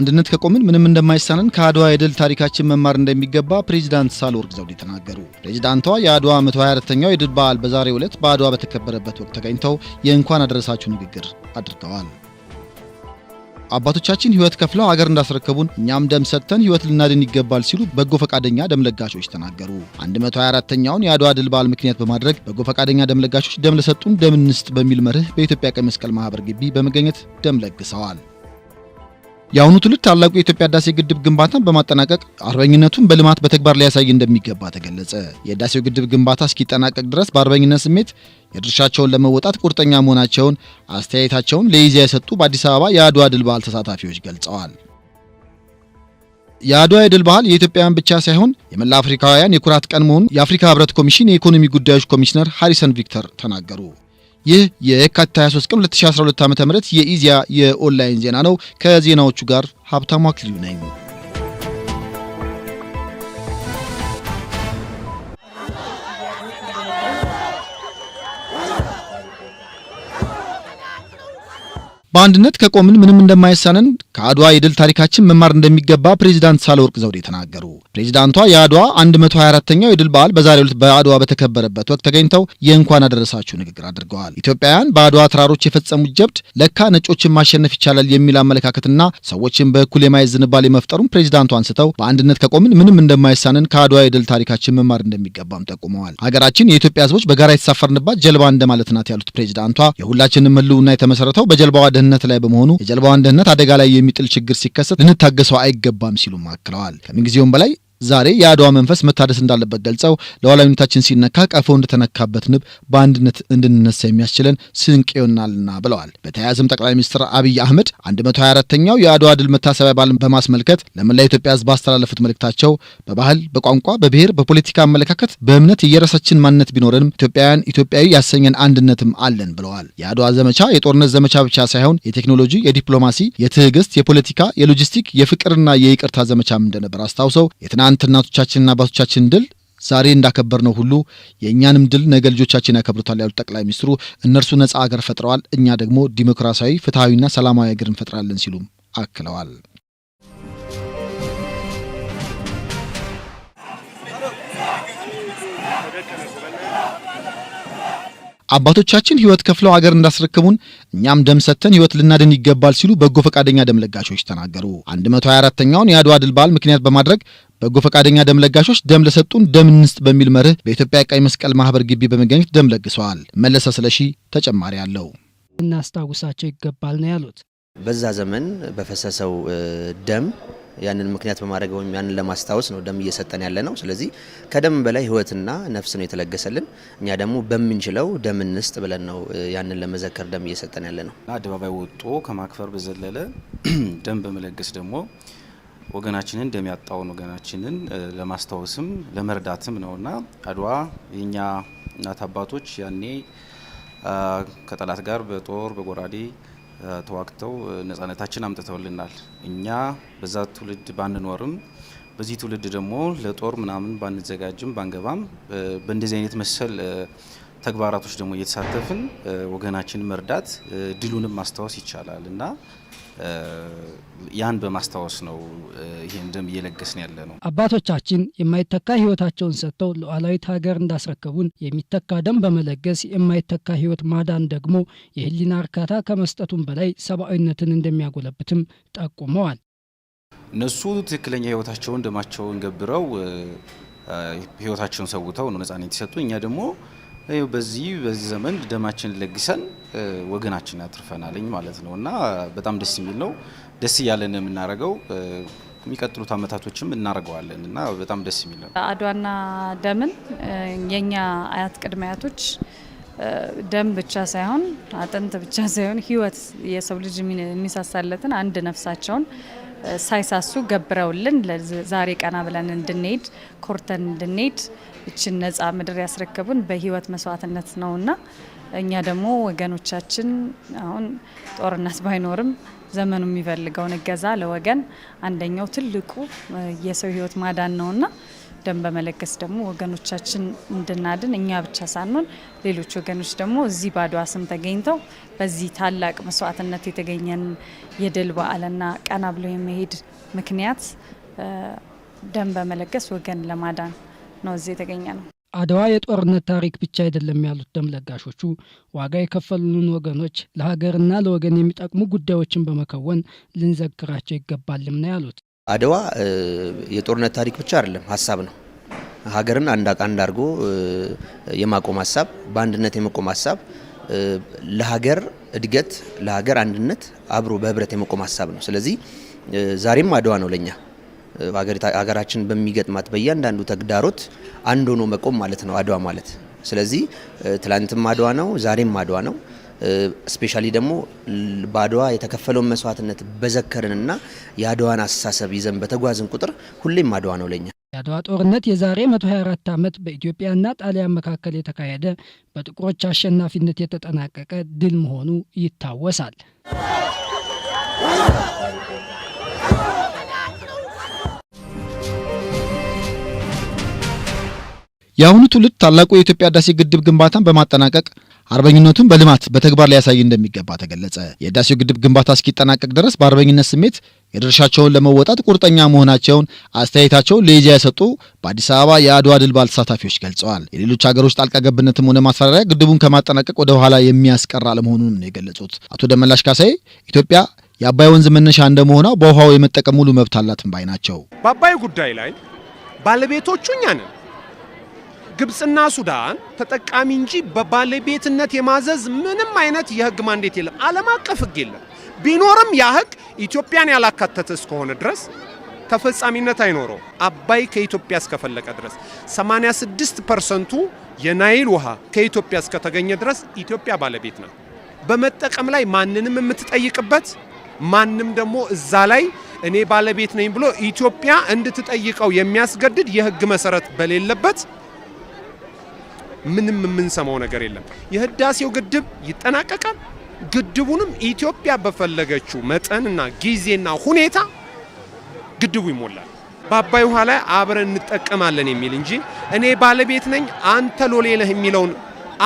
በአንድነት ከቆምን ምንም እንደማይሳንን ከአድዋ የድል ታሪካችን መማር እንደሚገባ ፕሬዚዳንት ሳህለወርቅ ዘውዴ ተናገሩ። ፕሬዚዳንቷ የአድዋ 124ኛው የድል በዓል በዛሬው ዕለት በአድዋ በተከበረበት ወቅት ተገኝተው የእንኳን አደረሳችሁ ንግግር አድርገዋል። አባቶቻችን ሕይወት ከፍለው አገር እንዳስረከቡን እኛም ደም ሰጥተን ሕይወት ልናድን ይገባል ሲሉ በጎ ፈቃደኛ ደም ለጋሾች ተናገሩ። 124ኛውን የአድዋ ድል በዓል ምክንያት በማድረግ በጎ ፈቃደኛ ደም ለጋሾች ደም ለሰጡን ደም እንስጥ በሚል መርህ በኢትዮጵያ ቀይ መስቀል ማህበር ግቢ በመገኘት ደም ለግሰዋል። የአሁኑ ትውልድ ታላቁ የኢትዮጵያ ህዳሴ ግድብ ግንባታን በማጠናቀቅ አርበኝነቱን በልማት በተግባር ሊያሳይ እንደሚገባ ተገለጸ። የህዳሴው ግድብ ግንባታ እስኪጠናቀቅ ድረስ በአርበኝነት ስሜት የድርሻቸውን ለመወጣት ቁርጠኛ መሆናቸውን አስተያየታቸውን ለኢዜአ የሰጡ በአዲስ አበባ የአድዋ ድል በዓል ተሳታፊዎች ገልጸዋል። የአድዋ የድል በዓል የኢትዮጵያውያን ብቻ ሳይሆን የመላ አፍሪካውያን የኩራት ቀን መሆኑን የአፍሪካ ህብረት ኮሚሽን የኢኮኖሚ ጉዳዮች ኮሚሽነር ሃሪሰን ቪክተር ተናገሩ። ይህ የካቲት 23 ቀን 2012 ዓ.ም ተመረጥ የኢዚያ የኦንላይን ዜና ነው። ከዜናዎቹ ጋር ሀብታሙ አክሊሉ ነኝ። በአንድነት ከቆምን ምንም እንደማይሳነን ከአድዋ የድል ታሪካችን መማር እንደሚገባ ፕሬዚዳንት ሳህለወርቅ ዘውዴ ተናገሩ። ፕሬዚዳንቷ የአድዋ 124ኛው የድል በዓል በዛሬው ዕለት በአድዋ በተከበረበት ወቅት ተገኝተው የእንኳን አደረሳችሁ ንግግር አድርገዋል። ኢትዮጵያውያን በአድዋ ተራሮች የፈጸሙት ጀብድ ለካ ነጮችን ማሸነፍ ይቻላል የሚል አመለካከትና ሰዎችን በእኩል የማየት ዝንባሌ መፍጠሩን ፕሬዚዳንቱ አንስተው በአንድነት ከቆምን ምንም እንደማይሳንን ከአድዋ የድል ታሪካችን መማር እንደሚገባም ጠቁመዋል። ሀገራችን የኢትዮጵያ ሕዝቦች በጋራ የተሳፈርንባት ጀልባ እንደማለት ናት ያሉት ፕሬዚዳንቷ የሁላችንም ህልውና የተመሰረተው በጀልባዋ ደህንነት ላይ በመሆኑ የጀልባዋን ደህንነት አደጋ ላይ የሚጥል ችግር ሲከሰት ልንታገሰው አይገባም ሲሉም አክለዋል። ከምንጊዜውም በላይ ዛሬ የአድዋ መንፈስ መታደስ እንዳለበት ገልጸው ለዋላዊነታችን ሲነካ ቀፎ እንደተነካበት ንብ በአንድነት እንድንነሳ የሚያስችለን ስንቅ ይሆናልና ብለዋል። በተያያዘም ጠቅላይ ሚኒስትር አብይ አህመድ 124ኛው የአድዋ ድል መታሰቢያ በዓልን በማስመልከት ለመላ ኢትዮጵያ ሕዝብ ባስተላለፉት መልእክታቸው በባህል፣ በቋንቋ፣ በብሔር፣ በፖለቲካ አመለካከት፣ በእምነት የየራሳችን ማንነት ቢኖረንም ኢትዮጵያውያን ኢትዮጵያዊ ያሰኘን አንድነትም አለን ብለዋል። የአድዋ ዘመቻ የጦርነት ዘመቻ ብቻ ሳይሆን የቴክኖሎጂ፣ የዲፕሎማሲ፣ የትዕግስት፣ የፖለቲካ፣ የሎጂስቲክ፣ የፍቅርና የይቅርታ ዘመቻም እንደነበር አስታውሰው የትና የትናንት እናቶቻችንና አባቶቻችን ድል ዛሬ እንዳከበር ነው ሁሉ የእኛንም ድል ነገ ልጆቻችን ያከብሩታል ያሉት ጠቅላይ ሚኒስትሩ እነርሱ ነጻ ሀገር ፈጥረዋል፣ እኛ ደግሞ ዲሞክራሲያዊ ፍትሐዊና ሰላማዊ ሀገር እንፈጥራለን ሲሉም አክለዋል። አባቶቻችን ህይወት ከፍለው አገር እንዳስረከቡን እኛም ደም ሰጥተን ህይወት ልናድን ይገባል ሲሉ በጎ ፈቃደኛ ደም ለጋሾች ተናገሩ። 124ኛውን የአድዋ ድል በዓል ምክንያት በማድረግ በጎ ፈቃደኛ ደም ለጋሾች ደም ለሰጡን ደም እንስጥ በሚል መርህ በኢትዮጵያ ቀይ መስቀል ማህበር ግቢ በመገኘት ደም ለግሰዋል። መለሰ ስለሺ ተጨማሪ አለው። እናስታውሳቸው ይገባል ነው ያሉት። በዛ ዘመን በፈሰሰው ደም ያንን ምክንያት በማድረግ ወይም ያንን ለማስታወስ ነው ደም እየሰጠን ያለ ነው። ስለዚህ ከደም በላይ ህይወትና ነፍስ ነው የተለገሰልን። እኛ ደግሞ በምንችለው ደም እንስጥ ብለን ነው ያንን ለመዘከር ደም እየሰጠን ያለ ነው። አደባባይ ወጦ ከማክበር በዘለለ ደም በመለገስ ደግሞ ወገናችንን ደም ያጣውን ወገናችንን ለማስታወስም ለመርዳትም ነውና አድዋ የእኛ እናት አባቶች ያኔ ከጠላት ጋር በጦር በጎራዴ ተዋግተው ነጻነታችን አምጥተውልናል። እኛ በዛ ትውልድ ባንኖርም በዚህ ትውልድ ደግሞ ለጦር ምናምን ባንዘጋጅም ባንገባም በእንደዚህ አይነት መሰል ተግባራቶች ደግሞ እየተሳተፍን ወገናችን መርዳት ድሉንም ማስታወስ ይቻላል እና ያን በማስታወስ ነው ይህን ደም እየለገስን ያለ ነው። አባቶቻችን የማይተካ ህይወታቸውን ሰጥተው ሉዓላዊት ሀገር እንዳስረከቡን የሚተካ ደም በመለገስ የማይተካ ህይወት ማዳን ደግሞ የህሊና እርካታ ከመስጠቱም በላይ ሰብአዊነትን እንደሚያጎለብትም ጠቁመዋል። እነሱ ትክክለኛ ህይወታቸውን ደማቸውን ገብረው ህይወታቸውን ሰውተው ነው ነጻነት የሰጡ እኛ ደግሞ በዚህ በዚህ ዘመን ደማችን ለግሰን ወገናችን አትርፈናለኝ ማለት ነው እና በጣም ደስ የሚል ነው። ደስ እያለን የምናደርገው የሚቀጥሉት አመታቶችም እናደርገዋለን እና በጣም ደስ የሚል ነው። አድዋና ደምን የኛ አያት ቅድመ አያቶች ደም ብቻ ሳይሆን አጥንት ብቻ ሳይሆን ሕይወት የሰው ልጅ የሚሳሳለትን አንድ ነፍሳቸውን ሳይሳሱ ገብረውልን ዛሬ ቀና ብለን እንድንሄድ ኮርተን እንድንሄድ እችን ነጻ ምድር ያስረከቡን በህይወት መስዋዕትነት ነውና እኛ ደግሞ ወገኖቻችን አሁን ጦርነት ባይኖርም ዘመኑ የሚፈልገውን እገዛ ለወገን አንደኛው ትልቁ የሰው ህይወት ማዳን ነውና ደም በመለገስ ደግሞ ወገኖቻችን እንድናድን እኛ ብቻ ሳንሆን ሌሎች ወገኖች ደግሞ እዚህ በአድዋ ስም ተገኝተው በዚህ ታላቅ መስዋዕትነት የተገኘን የድል በዓልና ቀና ብሎ የመሄድ ምክንያት ደም በመለገስ ወገን ለማዳን ነው እዚህ የተገኘ ነው። አድዋ የጦርነት ታሪክ ብቻ አይደለም ያሉት ደም ለጋሾቹ ዋጋ የከፈሉን ወገኖች ለሀገርና ለወገን የሚጠቅሙ ጉዳዮችን በመከወን ልንዘክራቸው ይገባልም ነው ያሉት። አድዋ የጦርነት ታሪክ ብቻ አይደለም፣ ሀሳብ ነው። ሀገርን አንድ አንድ አድርጎ የማቆም ሀሳብ፣ በአንድነት የመቆም ሀሳብ፣ ለሀገር እድገት፣ ለሀገር አንድነት አብሮ በህብረት የመቆም ሀሳብ ነው። ስለዚህ ዛሬም አድዋ ነው ለኛ ሀገራችን በሚገጥማት በእያንዳንዱ ተግዳሮት አንድ ሆኖ መቆም ማለት ነው አድዋ ማለት። ስለዚህ ትላንትም አድዋ ነው፣ ዛሬም አድዋ ነው። ስፔሻሊ ደግሞ በአድዋ የተከፈለውን መስዋዕትነት በዘከርንና የአድዋን አስተሳሰብ ይዘን በተጓዝን ቁጥር ሁሌም አድዋ ነው ለኛ። የአድዋ ጦርነት የዛሬ 124 ዓመት በኢትዮጵያና ጣሊያን መካከል የተካሄደ በጥቁሮች አሸናፊነት የተጠናቀቀ ድል መሆኑ ይታወሳል። የአሁኑ ትውልድ ታላቁ የኢትዮጵያ ህዳሴ ግድብ ግንባታን በማጠናቀቅ አርበኝነቱን በልማት በተግባር ሊያሳይ እንደሚገባ ተገለጸ። የህዳሴው ግድብ ግንባታ እስኪጠናቀቅ ድረስ በአርበኝነት ስሜት የድርሻቸውን ለመወጣት ቁርጠኛ መሆናቸውን አስተያየታቸውን ለኢዜአ የሰጡ በአዲስ አበባ የአድዋ ድል በዓል ተሳታፊዎች ገልጸዋል። የሌሎች ሀገሮች ጣልቃ ገብነትም ሆነ ማስፈራሪያ ግድቡን ከማጠናቀቅ ወደ ኋላ የሚያስቀራ አለመሆኑንም ነው የገለጹት። አቶ ደመላሽ ካሳይ ኢትዮጵያ የአባይ ወንዝ መነሻ እንደመሆኗ በውሃው የመጠቀም ሙሉ መብት አላትም ባይ ናቸው። በአባይ ጉዳይ ላይ ባለቤቶቹ እኛ ነን። ግብፅና ሱዳን ተጠቃሚ እንጂ በባለቤትነት የማዘዝ ምንም አይነት የህግ ማንዴት የለም። ዓለም አቀፍ ህግ የለም። ቢኖርም ያ ህግ ኢትዮጵያን ያላካተተ እስከሆነ ድረስ ተፈጻሚነት አይኖረው። አባይ ከኢትዮጵያ እስከፈለቀ ድረስ 86 ፐርሰንቱ የናይል ውሃ ከኢትዮጵያ እስከተገኘ ድረስ ኢትዮጵያ ባለቤት ነው። በመጠቀም ላይ ማንንም የምትጠይቅበት ማንም ደግሞ እዛ ላይ እኔ ባለቤት ነኝ ብሎ ኢትዮጵያ እንድትጠይቀው የሚያስገድድ የህግ መሰረት በሌለበት ምንም የምንሰማው ነገር የለም። የህዳሴው ግድብ ይጠናቀቃል። ግድቡንም ኢትዮጵያ በፈለገችው መጠንና ጊዜና ሁኔታ ግድቡ ይሞላል። በአባይ ውሃ ላይ አብረን እንጠቀማለን የሚል እንጂ እኔ ባለቤት ነኝ አንተ ሎሌ ነህ የሚለውን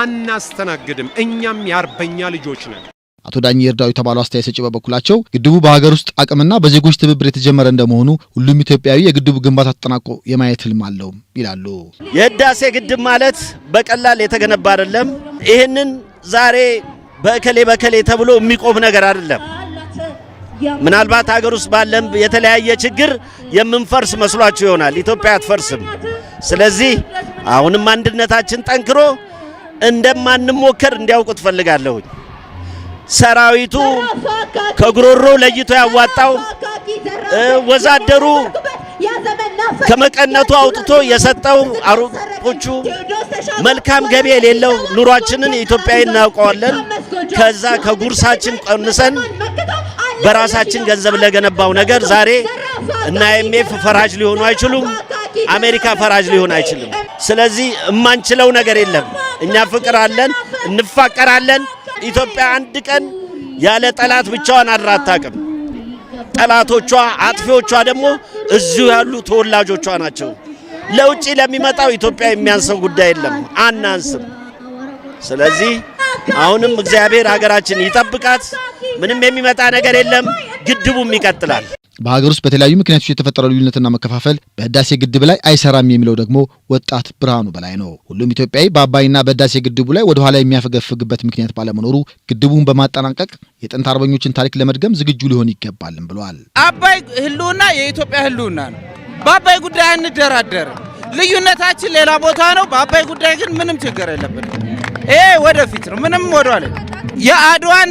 አናስተናግድም። እኛም የአርበኛ ልጆች ነን። አቶ ዳኝ እርዳው የተባሉ አስተያየት ሰጪ በበኩላቸው ግድቡ በሀገር ውስጥ አቅምና በዜጎች ትብብር የተጀመረ እንደመሆኑ ሁሉም ኢትዮጵያዊ የግድቡ ግንባታ ተጠናቆ የማየት ህልም አለው ይላሉ። የህዳሴ ግድብ ማለት በቀላል የተገነባ አይደለም። ይህንን ዛሬ በእከሌ በእከሌ ተብሎ የሚቆም ነገር አይደለም። ምናልባት ሀገር ውስጥ ባለም የተለያየ ችግር የምንፈርስ መስሏችሁ ይሆናል። ኢትዮጵያ አትፈርስም። ስለዚህ አሁንም አንድነታችን ጠንክሮ እንደማንሞከር እንዲያውቁ ትፈልጋለሁኝ። ሰራዊቱ ከጉሮሮ ለይቶ ያዋጣው፣ ወዛደሩ ከመቀነቱ አውጥቶ የሰጠው፣ አሮቦቹ መልካም ገቢ የሌለው ኑሯችንን ኢትዮጵያዊ እናውቀዋለን። ከዛ ከጉርሳችን ቀንሰን በራሳችን ገንዘብ ለገነባው ነገር ዛሬ እና አይኤምኤፍ ፈራጅ ሊሆኑ አይችሉም። አሜሪካ ፈራጅ ሊሆን አይችልም። ስለዚህ እማንችለው ነገር የለም። እኛ ፍቅር አለን፣ እንፋቀራለን። ኢትዮጵያ አንድ ቀን ያለ ጠላት ብቻዋን አድራ አታውቅም። ጠላቶቿ፣ አጥፊዎቿ ደግሞ እዚሁ ያሉ ተወላጆቿ ናቸው። ለውጭ ለሚመጣው ኢትዮጵያ የሚያንሰው ጉዳይ የለም፣ አናንስም። ስለዚህ አሁንም እግዚአብሔር ሀገራችን ይጠብቃት። ምንም የሚመጣ ነገር የለም። ግድቡም ይቀጥላል። በሀገር ውስጥ በተለያዩ ምክንያቶች የተፈጠረው ልዩነትና መከፋፈል በህዳሴ ግድብ ላይ አይሰራም የሚለው ደግሞ ወጣት ብርሃኑ በላይ ነው። ሁሉም ኢትዮጵያዊ በአባይና በህዳሴ ግድቡ ላይ ወደኋላ የሚያፈገፍግበት ምክንያት ባለመኖሩ ግድቡን በማጠናቀቅ የጥንት አርበኞችን ታሪክ ለመድገም ዝግጁ ሊሆን ይገባልም ብለዋል። አባይ ህልውና የኢትዮጵያ ህልውና ነው። በአባይ ጉዳይ አንደራደርም። ልዩነታችን ሌላ ቦታ ነው። በአባይ ጉዳይ ግን ምንም ችግር የለብንም። ይሄ ወደፊት ነው። ምንም ወደኋላ የአድዋን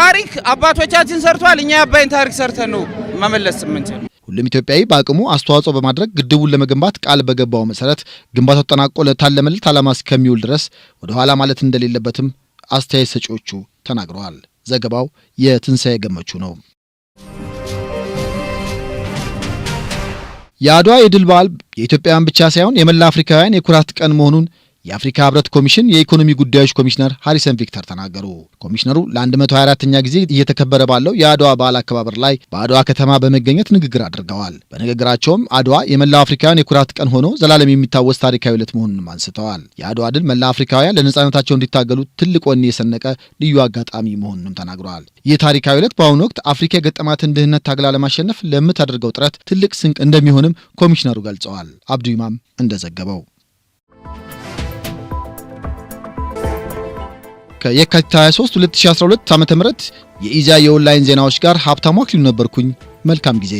ታሪክ አባቶቻችን ሰርቷል። እኛ የአባይን ታሪክ ሰርተን ነው መመለስ የምንችል። ሁሉም ኢትዮጵያዊ በአቅሙ አስተዋጽኦ በማድረግ ግድቡን ለመገንባት ቃል በገባው መሰረት ግንባታው ተጠናቆ ለታለመለት ዓላማ እስከሚውል ድረስ ወደ ኋላ ማለት እንደሌለበትም አስተያየት ሰጪዎቹ ተናግረዋል። ዘገባው የትንሣኤ ገመቹ ነው። የአድዋ የድል በዓል የኢትዮጵያውያን ብቻ ሳይሆን የመላ አፍሪካውያን የኩራት ቀን መሆኑን የአፍሪካ ህብረት ኮሚሽን የኢኮኖሚ ጉዳዮች ኮሚሽነር ሃሪሰን ቪክተር ተናገሩ። ኮሚሽነሩ ለ124ኛ ጊዜ እየተከበረ ባለው የአድዋ በዓል አከባበር ላይ በአድዋ ከተማ በመገኘት ንግግር አድርገዋል። በንግግራቸውም አድዋ የመላው አፍሪካውያን የኩራት ቀን ሆኖ ዘላለም የሚታወስ ታሪካዊ ዕለት መሆኑንም አንስተዋል። የአድዋ ድል መላ አፍሪካውያን ለነጻነታቸው እንዲታገሉ ትልቅ ወኔ የሰነቀ ልዩ አጋጣሚ መሆኑንም ተናግረዋል። ይህ ታሪካዊ ዕለት በአሁኑ ወቅት አፍሪካ የገጠማትን ድህነት ታግላ ለማሸነፍ ለምታደርገው ጥረት ትልቅ ስንቅ እንደሚሆንም ኮሚሽነሩ ገልጸዋል። አብዱ ኢማም እንደዘገበው ከየካቲት 23 2012 ዓ.ም የኢዜአ የኦንላይን ዜናዎች ጋር ሀብታሙ አክሊሉ ነበርኩኝ። መልካም ጊዜ